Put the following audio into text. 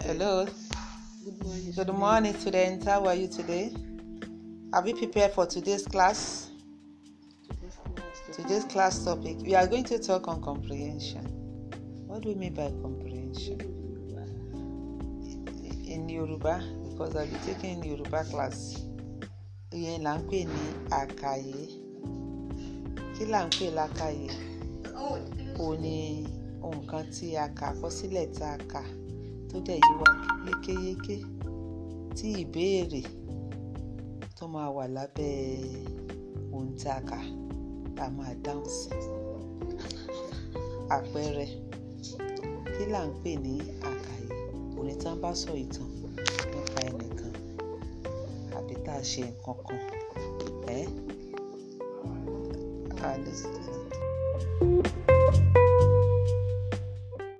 Hello. Good morning. Good morning, students. How are you today? Have you prepared for today's class? Today's class, today's class topic. We are going to talk on comprehension. What do we mean by comprehension? In Yoruba, because I'll be taking Yoruba class. Yen là ń pè ní àkàyé. Kí là ń pè lákàyé? Ó oh, ní nǹkan tí tó dẹ̀ yé wa yékéyéké tí ìbéèrè tó máa wà lábẹ́ ohun tí a kà tá a máa dáhùn sí. àpẹẹrẹ kí là ń pè ní àkàyè òní bá sọ ìtàn nípa ẹnìkan àbí tá a ṣe nǹkan kan ẹ́ àlejò.